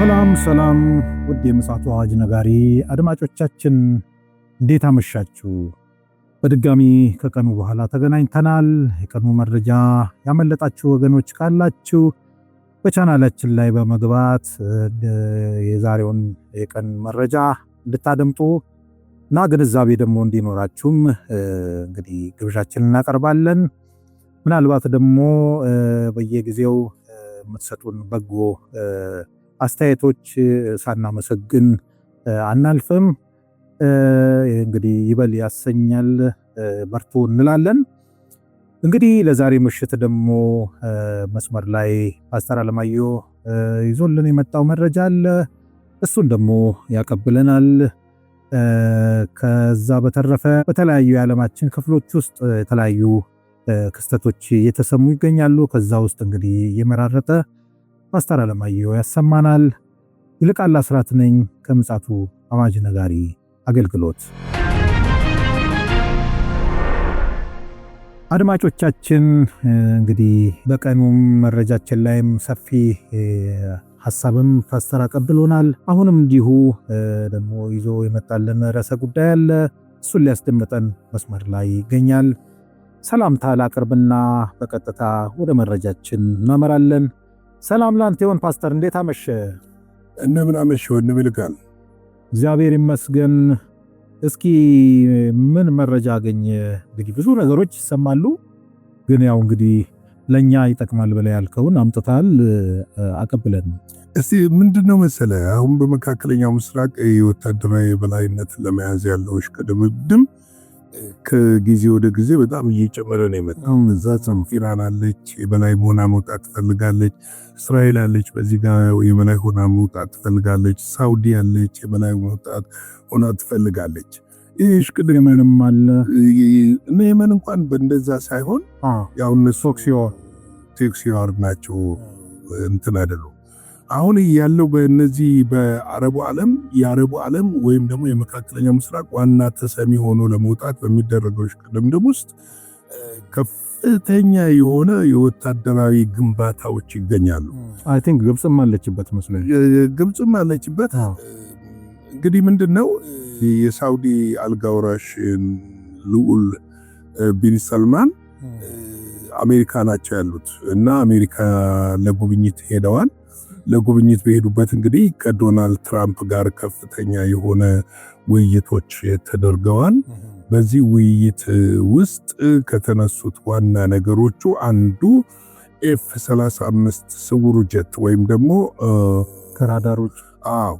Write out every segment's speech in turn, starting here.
ሰላም ሰላም፣ ውድ የምፅዓቱ አዋጅ ነጋሪ አድማጮቻችን እንዴት አመሻችሁ? በድጋሚ ከቀኑ በኋላ ተገናኝተናል። የቀኑ መረጃ ያመለጣችሁ ወገኖች ካላችሁ በቻናላችን ላይ በመግባት የዛሬውን የቀን መረጃ እንድታደምጡ እና ግንዛቤ ደግሞ እንዲኖራችሁም እንግዲህ ግብዣችን እናቀርባለን። ምናልባት ደግሞ በየጊዜው የምትሰጡን በጎ አስተያየቶች ሳናመሰግን አናልፍም። እንግዲህ ይበል ያሰኛል፣ በርቱ እንላለን። እንግዲህ ለዛሬ ምሽት ደግሞ መስመር ላይ ፓስተር አለማየሁ ይዞልን የመጣው መረጃ አለ። እሱን ደግሞ ያቀብለናል። ከዛ በተረፈ በተለያዩ የዓለማችን ክፍሎች ውስጥ የተለያዩ ክስተቶች እየተሰሙ ይገኛሉ። ከዛ ውስጥ እንግዲህ እየመራረጠ ፓስተር አለማየሁ ያሰማናል። ይልቃል አስራት ነኝ ከምፅዓቱ አዋጅ ነጋሪ አገልግሎት። አድማጮቻችን እንግዲህ በቀኑም መረጃችን ላይም ሰፊ ሀሳብም ፓስተር አቀብሎናል። አሁንም እንዲሁ ደግሞ ይዞ የመጣልን ርዕሰ ጉዳይ አለ። እሱን ሊያስደምጠን መስመር ላይ ይገኛል። ሰላምታ ላቅርብና በቀጥታ ወደ መረጃችን እናመራለን። ሰላም ላንተ ይሁን ፓስተር፣ እንዴት አመሸ? እንደምን አመሸ ወንድም ይልቃል? እግዚአብሔር ይመስገን። እስኪ ምን መረጃ አገኘ? እንግዲህ ብዙ ነገሮች ይሰማሉ፣ ግን ያው እንግዲህ ለእኛ ይጠቅማል ብለህ ያልከውን አምጥታል፣ አቀብለን። እስቲ ምንድን ነው መሰለ አሁን በመካከለኛው ምስራቅ የወታደራዊ በላይነት ለመያዝ ያለው እሽቅድምድም ከጊዜ ወደ ጊዜ በጣም እየጨመረ ነው የመጣው። እዛ ኢራን አለች፣ የበላይ ሆና መውጣት ትፈልጋለች። እስራኤል አለች፣ በዚህ ጋር የበላይ ሆና መውጣት ትፈልጋለች። ሳውዲ አለች፣ የበላይ መውጣት ሆና ትፈልጋለች። ይህ የመንም አለ እና የመን እንኳን በእንደዛ ሳይሆን ያው እነሱ ሶክሲዮር ናቸው እንትን አይደሉም አሁን ያለው በነዚህ በአረቡ ዓለም የአረቡ ዓለም ወይም ደግሞ የመካከለኛ ምስራቅ ዋና ተሰሚ ሆኖ ለመውጣት በሚደረገው ሽቅድምድም ውስጥ ከፍተኛ የሆነ የወታደራዊ ግንባታዎች ይገኛሉ። አይ ቲንክ ግብፅም አለችበት መስሎኝ፣ ግብፅም አለችበት። እንግዲህ ምንድን ነው የሳውዲ አልጋውራሽ ልዑል ቢን ሰልማን አሜሪካ ናቸው ያሉት እና አሜሪካ ለጉብኝት ሄደዋል። ለጉብኝት በሄዱበት እንግዲህ ከዶናልድ ትራምፕ ጋር ከፍተኛ የሆነ ውይይቶች ተደርገዋል። በዚህ ውይይት ውስጥ ከተነሱት ዋና ነገሮቹ አንዱ ኤፍ 35 ስውሩ ጀት ወይም ደግሞ ከራዳሮች አዎ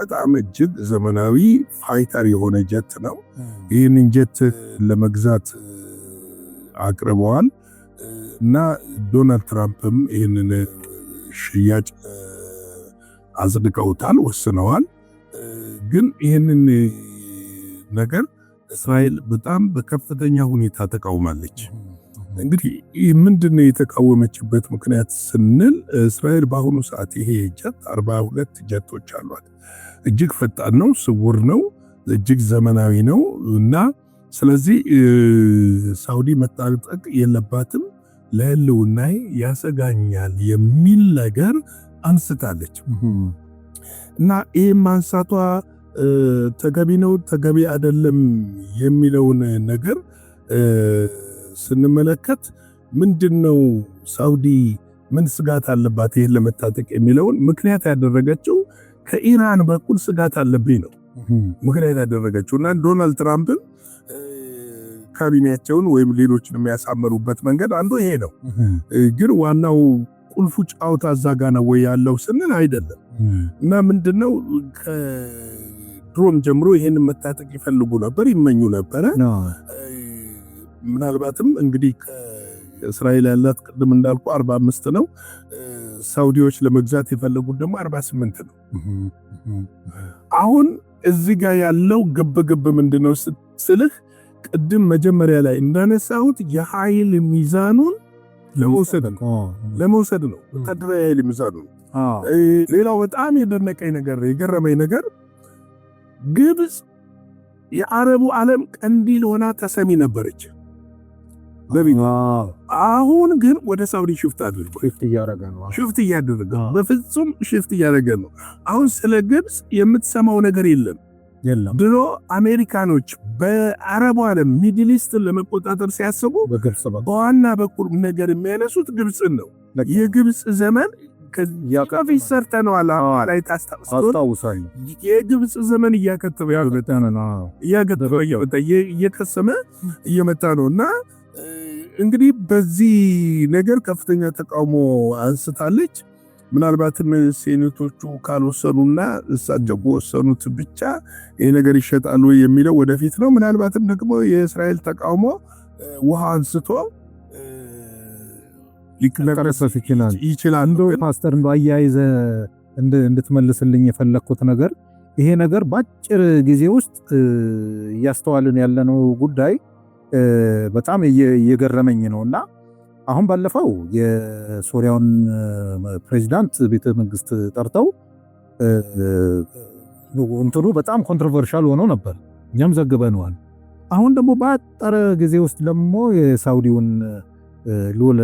በጣም እጅግ ዘመናዊ ፋይተር የሆነ ጀት ነው። ይህንን ጀት ለመግዛት አቅርበዋል። እና ዶናልድ ትራምፕም ይህንን ሽያጭ አጽድቀውታል፣ ወስነዋል። ግን ይህንን ነገር እስራኤል በጣም በከፍተኛ ሁኔታ ተቃውማለች። እንግዲህ ይህ ምንድነው የተቃወመችበት ምክንያት ስንል እስራኤል በአሁኑ ሰዓት ይሄ ጀት 42 ጀቶች አሏት። እጅግ ፈጣን ነው፣ ስውር ነው፣ እጅግ ዘመናዊ ነው እና ስለዚህ ሳውዲ መጣጠቅ የለባትም ለህልውናዬ ያሰጋኛል የሚል ነገር አንስታለች። እና ይህ ማንሳቷ ተገቢ ነው ተገቢ አይደለም የሚለውን ነገር ስንመለከት ምንድን ነው ሳውዲ ምን ስጋት አለባት ይህን ለመታጠቅ የሚለውን ምክንያት ያደረገችው ከኢራን በኩል ስጋት አለብኝ ነው ምክንያት ያደረገችው እና ዶናልድ ትራምፕን ካቢኔያቸውን ወይም ሌሎችን የሚያሳምሩበት መንገድ አንዱ ይሄ ነው። ግን ዋናው ቁልፉ ጫዋታ እዛ ጋ ነው ወይ ያለው ስንል አይደለም። እና ምንድነው ከድሮም ጀምሮ ይሄን መታጠቅ ይፈልጉ ነበር፣ ይመኙ ነበረ። ምናልባትም እንግዲህ እስራኤል ያላት ቅድም እንዳልኩ 45 ነው። ሳውዲዎች ለመግዛት የፈለጉት ደግሞ 48 ነው። አሁን እዚህ ጋር ያለው ግብግብ ምንድነው ስልህ ቅድም መጀመሪያ ላይ እንዳነሳሁት የኃይል ሚዛኑን ለመውሰድ ነው ለመውሰድ ነው ወታደራዊ ኃይል ሚዛኑ። ሌላው በጣም የደነቀኝ ነገር የገረመኝ ነገር ግብፅ የአረቡ ዓለም ቀንዲል ሆና ተሰሚ ነበረች። አሁን ግን ወደ ሳውዲ ሽፍት አድርጎ ሽፍት እያደረገ በፍጹም ሽፍት እያደረገ ነው። አሁን ስለ ግብፅ የምትሰማው ነገር የለም። የለም። ድሮ አሜሪካኖች በአረቡ ዓለም ሚድል ኢስትን ለመቆጣጠር ሲያስቡ በዋና በኩል ነገር የሚያነሱት ግብፅን ነው። የግብፅ ዘመን ከፊት ሰርተነዋል ላይ ታስታውሳል። የግብፅ ዘመን እያከተበ እያከተበ እየከሰመ እየመጣ ነው እና እንግዲህ በዚህ ነገር ከፍተኛ ተቃውሞ አንስታለች። ምናልባትም ሴኔቶቹ ካልወሰኑና እሳቸው ወሰኑት ብቻ ይህ ነገር ይሸጣሉ የሚለው ወደፊት ነው። ምናልባትም ደግሞ የእስራኤል ተቃውሞ ውሃ አንስቶ ሊቀሰፍ ይችላል ይችላል። እንደ ፓስተር እንድትመልስልኝ የፈለግኩት ነገር ይሄ ነገር በአጭር ጊዜ ውስጥ እያስተዋልን ያለነው ጉዳይ በጣም እየገረመኝ ነው እና አሁን ባለፈው የሶሪያውን ፕሬዚዳንት ቤተ መንግስት ጠርተው እንትኑ በጣም ኮንትሮቨርሻል ሆነው ነበር፣ እኛም ዘግበነዋል። አሁን ደግሞ በአጠረ ጊዜ ውስጥ ደግሞ የሳውዲውን ልዑል